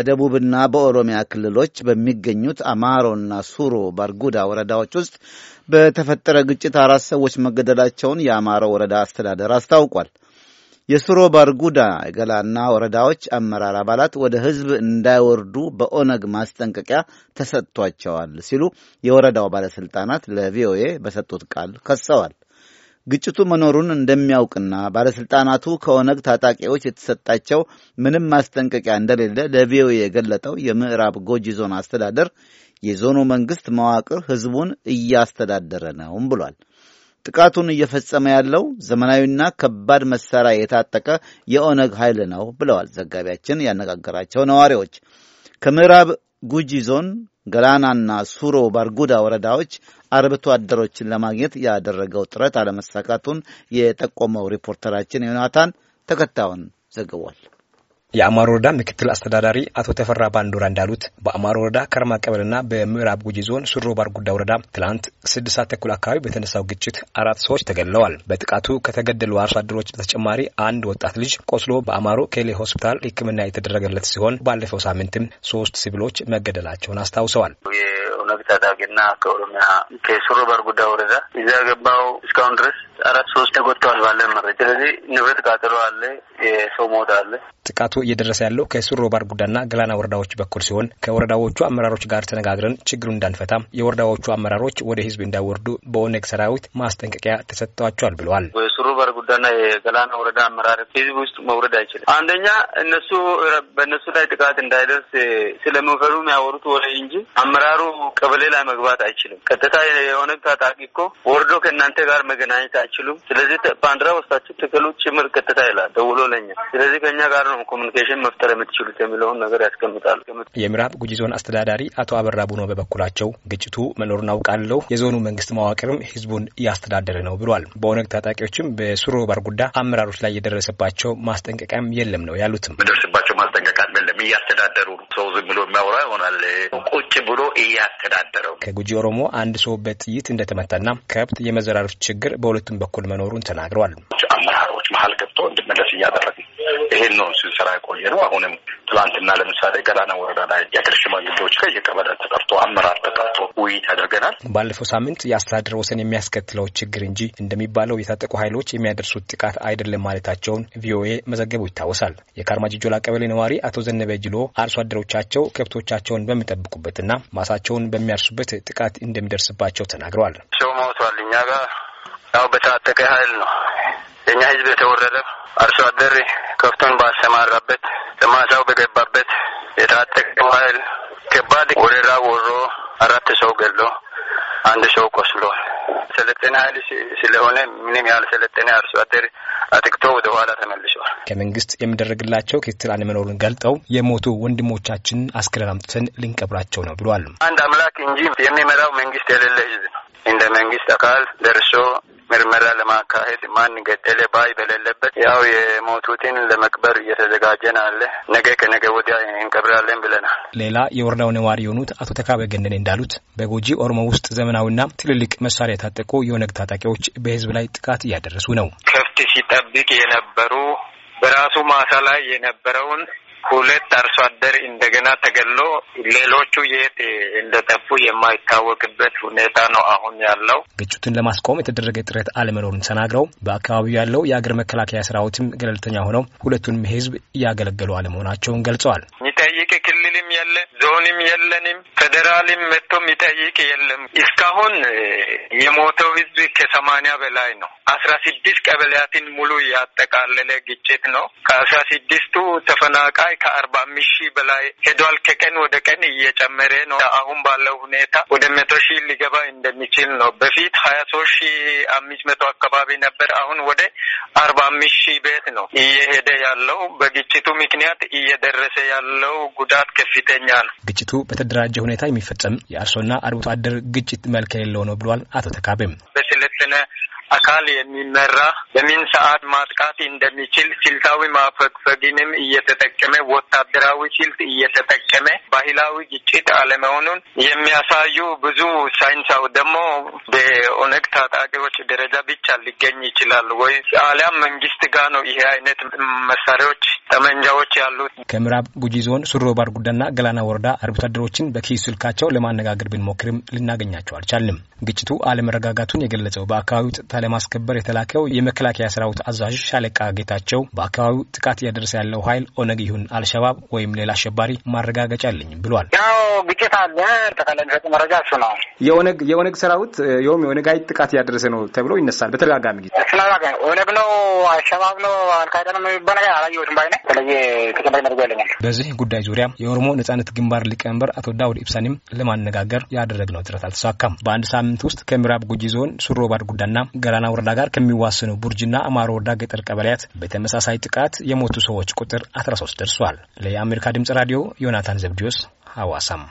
በደቡብና በኦሮሚያ ክልሎች በሚገኙት አማሮና ሱሮ ባርጉዳ ወረዳዎች ውስጥ በተፈጠረ ግጭት አራት ሰዎች መገደላቸውን የአማሮ ወረዳ አስተዳደር አስታውቋል። የሱሮ ባርጉዳ የገላና ወረዳዎች አመራር አባላት ወደ ሕዝብ እንዳይወርዱ በኦነግ ማስጠንቀቂያ ተሰጥቷቸዋል ሲሉ የወረዳው ባለሥልጣናት ለቪኦኤ በሰጡት ቃል ከሰዋል። ግጭቱ መኖሩን እንደሚያውቅና ባለሥልጣናቱ ከኦነግ ታጣቂዎች የተሰጣቸው ምንም ማስጠንቀቂያ እንደሌለ ለቪኦኤ የገለጠው የምዕራብ ጎጂ ዞን አስተዳደር የዞኑ መንግሥት መዋቅር ሕዝቡን እያስተዳደረ ነውም ብሏል። ጥቃቱን እየፈጸመ ያለው ዘመናዊና ከባድ መሳሪያ የታጠቀ የኦነግ ኃይል ነው ብለዋል ዘጋቢያችን ያነጋገራቸው ነዋሪዎች። ከምዕራብ ጉጂ ዞን ገላናና ሱሮ ባርጉዳ ወረዳዎች አርብቶ አደሮችን ለማግኘት ያደረገው ጥረት አለመሳካቱን የጠቆመው ሪፖርተራችን ዮናታን ተከታዩን ዘግቧል። የአማሮ ወረዳ ምክትል አስተዳዳሪ አቶ ተፈራ ባንዶራ እንዳሉት በአማሮ ወረዳ ከርማ ቀበሌና በምዕራብ ጉጂ ዞን ሱሮ ባርጉዳ ወረዳ ትላንት ስድስት ሰዓት ተኩል አካባቢ በተነሳው ግጭት አራት ሰዎች ተገድለዋል። በጥቃቱ ከተገደሉ አርሶ አደሮች በተጨማሪ አንድ ወጣት ልጅ ቆስሎ በአማሮ ኬሌ ሆስፒታል ሕክምና የተደረገለት ሲሆን ባለፈው ሳምንትም ሶስት ሲቪሎች መገደላቸውን አስታውሰዋል። የኦነግ ታጣቂና ከኦሮሚያ ከሱሮ ባርጉዳ ወረዳ እዚያ ገባው እስካሁን ድረስ አራት ሶስት ተጎድተዋል ባለን መረጃ። ስለዚህ ንብረት ቃጠሎ አለ፣ የሰው ሞት አለ። ጥቃቱ እየደረሰ ያለው ከሱሮ ባርጉዳና ገላና ወረዳዎች በኩል ሲሆን ከወረዳዎቹ አመራሮች ጋር ተነጋግረን ችግሩን እንዳንፈታ የወረዳዎቹ አመራሮች ወደ ህዝብ እንዳይወርዱ በኦነግ ሰራዊት ማስጠንቀቂያ ተሰጥቷቸዋል ብለዋል። የሱሮ ባርጉዳና የገላና ወረዳ አመራር ህዝብ ውስጥ መውረድ አይችልም። አንደኛ እነሱ በእነሱ ላይ ጥቃት እንዳይደርስ ስለመፈሩ የሚያወሩት ወሬ እንጂ አመራሩ ቀበሌ ላይ መግባት አይችልም። ቀጥታ የኦነግ ታጣቂ እኮ ወርዶ ከእናንተ ጋር መገናኘት አይችሉም። ስለዚህ ባንዲራ ወስታችሁ ትክሉ ጭምር ቀጥታ ይላል ደውሎ ለኛ። ስለዚህ ከእኛ ጋር ነው ኮሚኒኬሽን መፍጠር የምትችሉት የሚለውን ነገር ያስቀምጣል። የምዕራብ ጉጂ ዞን አስተዳዳሪ አቶ አበራ ቡኖ በበኩላቸው ግጭቱ መኖሩን አውቃለሁ፣ የዞኑ መንግስት መዋቅርም ህዝቡን እያስተዳደረ ነው ብሏል። በኦነግ ታጣቂዎችም በሱሮ ባርጉዳ አመራሮች ላይ የደረሰባቸው ማስጠንቀቂያም የለም ነው ያሉትም ማስጠንቀቂያ የለም። እያስተዳደሩ ሰው ዝም ብሎ የሚያወራ ይሆናል። ቁጭ ብሎ እያስተዳደረው ከጉጂ ኦሮሞ አንድ ሰው በጥይት እንደተመታና ከብት የመዘራረፍ ችግር በሁለቱም በኩል መኖሩን ተናግረዋል። መሀል ገብቶ እንድመለስ ነው። ይሄን ነው ስንሰራ የቆየ ነው። አሁንም ትላንትና ለምሳሌ ገላና ወረዳ ላይ የአገር ሽማግሌዎች ጋር የቀበሌ ተጠርቶ አመራር ተጠርቶ ውይይት ያደርገናል። ባለፈው ሳምንት የአስተዳደር ወሰን የሚያስከትለው ችግር እንጂ እንደሚባለው የታጠቁ ኃይሎች የሚያደርሱት ጥቃት አይደለም ማለታቸውን ቪኦኤ መዘገቡ ይታወሳል። የካርማጂ ጆላ ቀበሌ ነዋሪ አቶ ዘነበ ጅሎ አርሶ አደሮቻቸው ከብቶቻቸውን በሚጠብቁበትና ማሳቸውን በሚያርሱበት ጥቃት እንደሚደርስባቸው ተናግረዋል። ሰው ሞቷል። እኛ ጋር ያው በታጠቀ ኃይል ነው የእኛ ህዝብ የተወረረው አርሶ አደር ከብቱን ባሰማራበት ለማሳው በገባበት የታጠቀው ኃይል ከባድ ወረራ ወሮ አራት ሰው ገሎ አንድ ሰው ቆስሎ ሰለጠነ ኃይል ስለሆነ ምንም ያልሰለጠነ አርሶ አደር አጥቅቶ ወደ ኋላ ተመልሷል። ከመንግስት የሚደረግላቸው ክትትል አለመኖሩን ገልጠው የሞቱ ወንድሞቻችን አስክሬን አምጥተን ልንቀብራቸው ነው ብሏል። አንድ አምላክ እንጂ የሚመራው መንግስት የሌለ ህዝብ ነው። እንደ መንግስት አካል ደርሶ ምርመራ ለማካሄድ ማን ገደለ ባይ በሌለበት ያው የሞቱትን ለመቅበር እየተዘጋጀን አለ። ነገ ከነገ ወዲያ እንቀብራለን ብለናል። ሌላ የወረዳው ነዋሪ የሆኑት አቶ ተካበ ገነን እንዳሉት በጎጂ ኦሮሞ ውስጥ ዘመናዊና ትልልቅ መሳሪያ የታጠቁ የኦነግ ታጣቂዎች በህዝብ ላይ ጥቃት እያደረሱ ነው። ከፍት ሲጠብቅ የነበሩ በራሱ ማሳ ላይ የነበረውን ሁለት አርሶ አደር እንደገና ተገሎ ሌሎቹ የት እንደጠፉ የማይታወቅበት ሁኔታ ነው አሁን ያለው። ግጭቱን ለማስቆም የተደረገ ጥረት አለመኖሩን ተናግረው በአካባቢው ያለው የአገር መከላከያ ሰራዊትም ገለልተኛ ሆነው ሁለቱንም ህዝብ እያገለገሉ አለመሆናቸውን ገልጸዋል። የሚጠይቅ ክልልም የለ፣ ዞንም የለንም፣ ፌዴራልም መጥቶ የሚጠይቅ የለም። እስካሁን የሞተው ህዝብ ከሰማንያ በላይ ነው። አስራ ስድስት ቀበሌያትን ሙሉ ያጠቃለለ ግጭት ነው። ከአስራ ስድስቱ ተፈናቃይ ከአርባ አምስት ሺህ በላይ ሄዷል። ከቀን ወደ ቀን እየጨመረ ነው። አሁን ባለው ሁኔታ ወደ መቶ ሺህ ሊገባ እንደሚችል ነው። በፊት ሀያ ሶስት ሺህ አምስት መቶ አካባቢ ነበር። አሁን ወደ አርባ አምስት ሺህ ቤት ነው እየሄደ ያለው በግጭቱ ምክንያት እየደረሰ ያለው ያለው ጉዳት ከፍተኛ ነው። ግጭቱ በተደራጀ ሁኔታ የሚፈጸም የአርሶና አርብቶ አደር ግጭት መልክ የለው ነው ብሏል አቶ ተካቤም በስልጥነ አካል የሚመራ በምን ሰዓት ማጥቃት እንደሚችል ስልታዊ ማፈግፈግንም እየተጠቀመ ወታደራዊ ስልት እየተጠቀመ ባህላዊ ግጭት አለመሆኑን የሚያሳዩ ብዙ ሳይንሳዊ ደግሞ በኦነግ ታጣቂዎች ደረጃ ብቻ ሊገኝ ይችላል ወይ አሊያም መንግስት ጋር ነው ይሄ አይነት መሳሪያዎች ጠመንጃዎች ያሉት። ከምዕራብ ጉጂ ዞን ሱሮ ባርጉዳና ገላና ወረዳ አርብቶ አደሮችን በኪስ ስልካቸው ለማነጋገር ብንሞክርም ልናገኛቸው አልቻልንም። ግጭቱ አለመረጋጋቱን የገለጸው በአካባቢው ጸጥታ ለማስከበር የተላከው የመከላከያ ሰራዊት አዛዥ ሻለቃ ጌታቸው በአካባቢው ጥቃት እያደረሰ ያለው ኃይል ኦነግ ይሁን አልሸባብ ወይም ሌላ አሸባሪ ማረጋገጫ አለኝ ብሏል። ያው ግጭት አለ ጠቃላይ ሚሰጥ መረጃ እሱ ነው። የኦነግ የኦነግ ሰራዊት ይኸውም የኦነግ ኃይል ጥቃት እያደረሰ ነው ተብሎ ይነሳል። በተደጋጋሚ ጊዜ ኦነግ ነው አሸባብ ነው አልካይዳ ነው የሚባል ነገር አላየሁትም። ባይነ ስለየ ተጨባጭ መረጃ የለኝም። በዚህ ጉዳይ ዙሪያ የኦሮሞ ነጻነት ግንባር ሊቀመንበር አቶ ዳውድ ኢብሳኒም ለማነጋገር ያደረግነው ጥረት አልተሳካም። በአንድ ሳምንት ሳምንት ውስጥ ከምዕራብ ጉጂ ዞን ሱሮ ጉዳና ገላና ወረዳ ጋር ከሚዋሰኑ ቡርጅና አማሮ ወረዳ ገጠር ቀበሌያት በተመሳሳይ ጥቃት የሞቱ ሰዎች ቁጥር 13 ደርሷል። ለአሜሪካ ድምጽ ራዲዮ ዮናታን ዘብዲዮስ ሐዋሳም